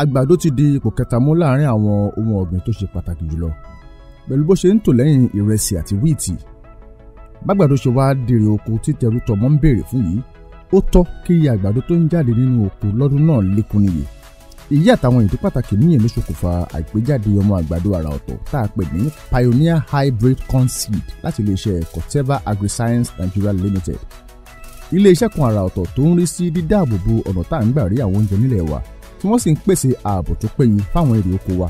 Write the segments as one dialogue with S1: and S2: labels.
S1: àgbàdo ti di ipò kẹta mú láàrin àwọn ohun ọ̀gbìn tó ṣe pàtàkì jùlọ pẹ̀lú bó ṣe ń tò lẹ́yìn ìrẹsì àti wíìtì bàgbàdo ṣe wá dèrè oko títẹrù tọmọ ń béèrè fún yìí ó tọ́ kí iye àgbàdo tó ń jáde nínú oko lọ́dún náà lékún níye èyí àtàwọn ìdí pàtàkì míì ló ṣokùnfà àìpéjáde ọmọ àgbàdo àrà ọ̀tọ̀ tá a pè ní pioneer hybrid corn seed láti iléeṣẹ́ corteva agriscience nigeria limited iléeṣẹ́ kan àrà ọ̀tọ̀ tó ń rí sí dídáàbòbò ọ̀nà tá à ń gbà rí àwọn oúnjẹ nílẹ̀ wa tí wọ́n sì ń pèsè ààbò tó péye fáwọn èrè oko wa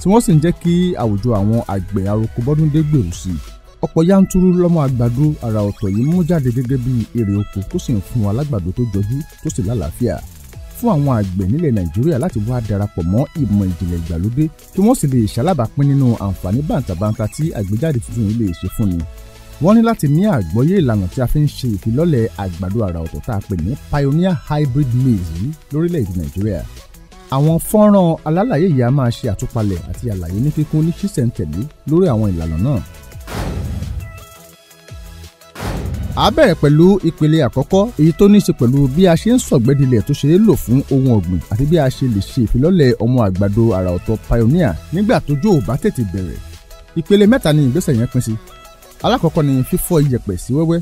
S1: tí wọ́n sì ń jẹ́ kí àwùjọ àwọn àgbẹ̀ aroko bọ́dúndé gbèrú sí i ọ̀pọ̀ yanturu lọ́mọ àgbàdo àrà ọ̀tọ̀ yìí mú jáde gẹ́gẹ́ bí èrè oko tó sì ń fún alágbàdo tó jọjú tó sì lálàáfíà fún àwọn àgbẹ̀ nílẹ̀ nàìjíríà láti wá darapọ̀ mọ́ ìmọ̀ ìjìnlẹ̀ ìgbàlódé kí wọ́n sì lè ṣalábàápín nínú àǹfààní bàǹtàbàǹtà tí àgbéjáde tuntun yìí lè ṣe fún ni wọ́n ní láti ní àgbọ́yé ìlànà tí a fi ń ṣe ìfilọ́lẹ̀ àgbàdo àrà ọ̀tọ̀ tá a pè ní pioneer hybrid maize yìí lórílẹ̀‐èdè nàìjíríà àwọn fọ́nrán alálàyé yìí a máa ṣe àtúpalẹ̀ àti àlàyé ní kíkún ní ṣísẹ̀ntẹ̀lé lórí àwọn ìlànà náà. a bẹ̀rẹ̀ pẹ̀lú ìpele àkọ́kọ́ èyí tó ní í ṣe pẹ̀lú bí a ṣe ń sọ̀gbẹ́dilẹ̀ tó ṣe é lò fún ohun ọ̀gbìn àti bí a ṣe lè ṣe ìfilọ́lẹ̀ ọmọ àgbàdo àrà ọ̀tọ̀ pioneer nígbà tójò ò bá tètè bẹ̀rẹ̀ ìpele mẹ́ta ni ìgbésẹ̀ yẹn pín sí alákọ̀ọ́kọ́ ni fífọ́ iyẹ̀pẹ̀ sí wẹ́wẹ́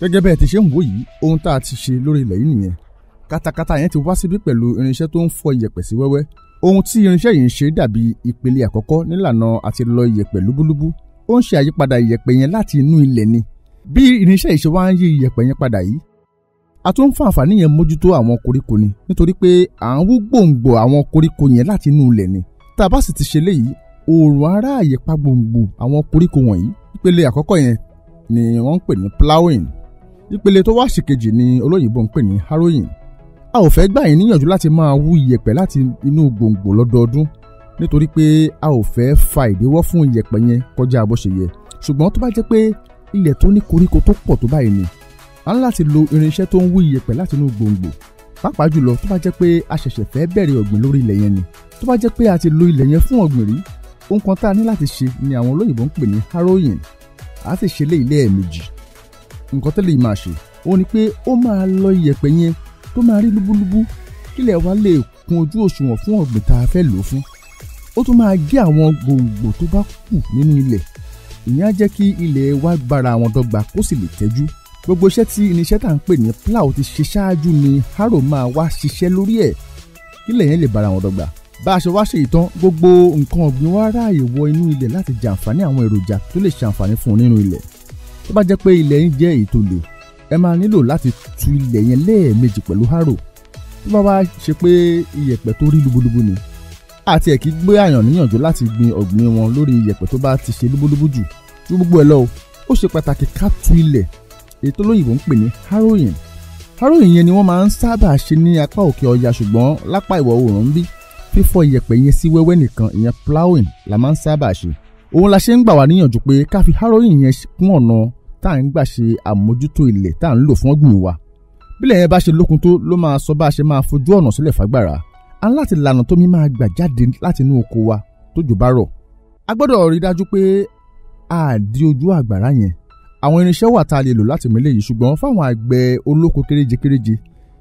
S1: gẹ́gẹ́ bẹ́ẹ̀ ti ṣe ń wò yìí ohun tá a ti ṣe lórí ilẹ̀ yìí nìyẹn katakata yẹn ti wá síbí pẹ̀lú irinṣẹ́ tó ń fọ iyẹ̀pẹ̀ sí wẹ́wẹ́ ohun tí irinṣẹ́ yìí ń ṣe dàbí ìpele àkọ́kọ́ nílànà àti lọ iyẹ̀pẹ̀ lúbúlúbú ó ń ṣe àyípadà iyẹ̀pẹ̀ yẹn láti inú ilẹ̀ ni bí irinṣẹ́ yìí ṣe wá ń yí iyẹ̀pẹ̀ yẹn padà yìí a tún ń fa àǹfààní yẹn mójútó àwọn koríko ni nítorí pé à ń wú gbòǹgbò àwọn koríko yẹn láti inú ilẹ̀ ni tá a bá sì ti ṣe léyìí oòrùn ará àyèpá gbòǹgbò àwọn koríko wọ̀nyí ìpele àkọ́kọ́ yẹn ni wọ́n ń pè ní plowing ìpele tó wá ṣìkejì ni olóyìnbó ń pè ní harrowing a ò fẹ́ gbà yín níyànjú láti máa wú iyẹ̀pẹ̀ láti inú gbòǹgbò lọ́dọọdún nítorí pé a ò fẹ́ fa ìdíwọ́ fún iyẹ̀pẹ̀ yẹn kọjá bó ṣe yẹ ṣùgbọ́n tó bá jẹ́ pé ilẹ̀ tó ní koríko tó pọ̀ tó báyìí ni a ń láti lo irinṣẹ́ tó ń wú iyẹ̀pẹ̀ láti inú gbòǹgbò pàápàá jùlọ tó bá jẹ́ pé a ṣẹ̀ṣẹ̀ fẹ́ bẹ̀rẹ̀ ọ̀gbìn lórí ilẹ̀ yẹn ni tó bá jẹ́ pé a ti lo ilẹ̀ yẹn fún ọ̀gbìn rí ohun kan tá a ní láti ṣe ni àwọn olóyìnbó ń pè ní harrowing a sì ṣe lé ilé ẹ̀ méjì nǹkan tẹ́lẹ̀ yìí máa ṣe ó ní pé ó máa lọ iyẹ̀pẹ̀ yẹn tó máa rí lúbúlúbú kílẹ̀ wa lè kún ojú òṣùwọ̀n fún ọ̀gbìn tá a fẹ́ lò fún ó tún máa gé àwọn gbòǹgbò tó bá kù nínú ilẹ̀ ìyẹn á jẹ́ kí ilẹ̀ wa gbára àwọn dọ́gba kó sì lè tẹ́jú gbogbo iṣẹ́ tí irinṣẹ́ tá à ń pè ní plow ti ṣe ṣáájú ni harrow máa wá ṣiṣẹ́ lórí ẹ̀ kílẹ̀ yẹn lè bára àwọn dọ́gba bá a ṣe wá ṣe ìtàn gbogbo nǹkan ọ̀gbìn wa ráàyè wọ inú ilẹ̀ láti jàǹfààní àwọn èròjà tó lè ṣàǹfààní fún un nínú ilẹ̀ tó bá jẹ́ pé ilẹ̀ ń jẹ́ èyí tó le ẹ máa nílò láti tu ilẹ̀ yẹn lẹ́ẹ̀mejì pẹ̀lú harrow tó bá wá ṣe pé iyẹ̀pẹ̀ tó rí lubulubu ni àti ẹ̀kí gbé àyàn níyànjú láti gbin ọ̀gbìn wọn lórí iyẹ̀pẹ̀ tó bá ti ṣe lubulubu jù ju gbogbo ẹ̀ lọ ó ṣe pàtàkì ká tu ilẹ̀ èyí tó ń pè ní harrowing harrowing yẹn ni wọ́n máa ń sábà ṣe ní apá òkè ọya ṣùgbọ́n lápá ìwọ̀ oòrùn ń bí fífọ iyẹ̀pẹ̀ yẹn sí wẹ́wẹ́ nìkan ìyẹn ploughing la máa ń sábà ṣe òun la ṣe ń gbà wá níyànjú pé ká fi harrowing yẹn kún ọ̀nà tá à ń gbà ṣe àmójútó ilẹ̀ tá à ń lò fún ọ̀gbìn wa bílẹ̀ yẹn bá ṣe lókun tó ló máa sọ bá a ṣe máa fojú ọ̀nà sílẹ̀ fágbára a ń láti lànà tó mi máa gbà jáde láti inú oko wa tójò bá rọ̀ a gbọ́dọ̀ rí dájú pé a di ojú àgbàrá yẹn àwọn irinṣẹ́ wà tá a lè lò láti mú eléyìí ṣùgbọ́n fáwọn àgbẹ̀ olóko kéréje kéréje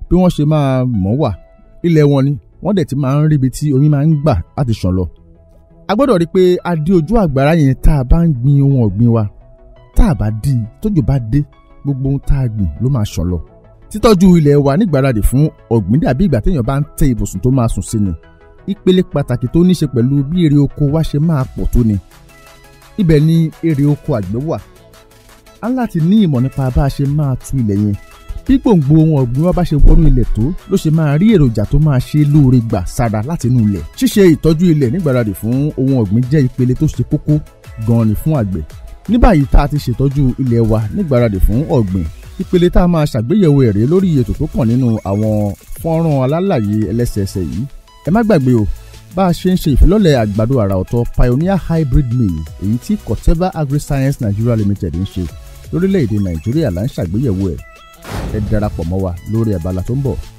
S1: bí wọ́n ṣe máa mọ̀ wà ilẹ̀ wọn ni wọ́n dẹ̀ ti máa ń ríbi tí omi máa ń gbà láti ṣàn lọ a gbọ́dọ̀ rí pé a di ojú àgbàrá yẹn tá a bá ń gbin ohun ọ̀gbìn wa tá a bá dí i tójò bá dé gbogbo ohun tá a gbìn ló máa ṣọ̀lọ̀ títọ́jú ilẹ̀ wa nígbàradì fún ọ̀gbìn dàbí ìgbà téèyàn bá ń tẹ́ ibùsùn tó máa sùn sí ni ìpele pàtàkì tó ní ṣe pẹ̀lú bí èrè oko wa ṣe máa pọ̀ tó ni ibẹ̀ ni èrè oko àgbẹ̀ wà á láti ní ìmọ̀ nípa bá a ṣe máa tu ilẹ̀ yẹn bí gbòǹgbò ohun ọ̀gbìn wa bá ṣe wọnú ilẹ̀ tó ló ṣe máa rí èròjà tó máa ṣe lóore gbà sára láti inú ilẹ̀ ṣíṣe ìtọ́jú ilẹ̀ nígbàradì fún ohun ọ̀gbìn jẹ́ ní báyìí tá a ti ṣètọ́jú ilẹ̀ wa nígbáradì fún ọ̀gbìn ìpele tá a máa ṣàgbéyẹ̀wò èrè lórí ètò tó kàn nínú àwọn fọ́nrán alálàyé ẹlẹ́sẹẹsẹ yìí ẹ má gbàgbé o bá a ṣe ń ṣe ìfilọ́lẹ̀ àgbàdo àrà ọ̀tọ̀ pioneer hybrid maize èyí tí corteva agriscience nigeria limited ń ṣe lórílẹ̀‐èdè nàìjíríà là ń ṣàgbéyẹ̀wò ẹ̀ ẹ darapọ̀ mọ́ wa lórí abala tó ń bọ̀.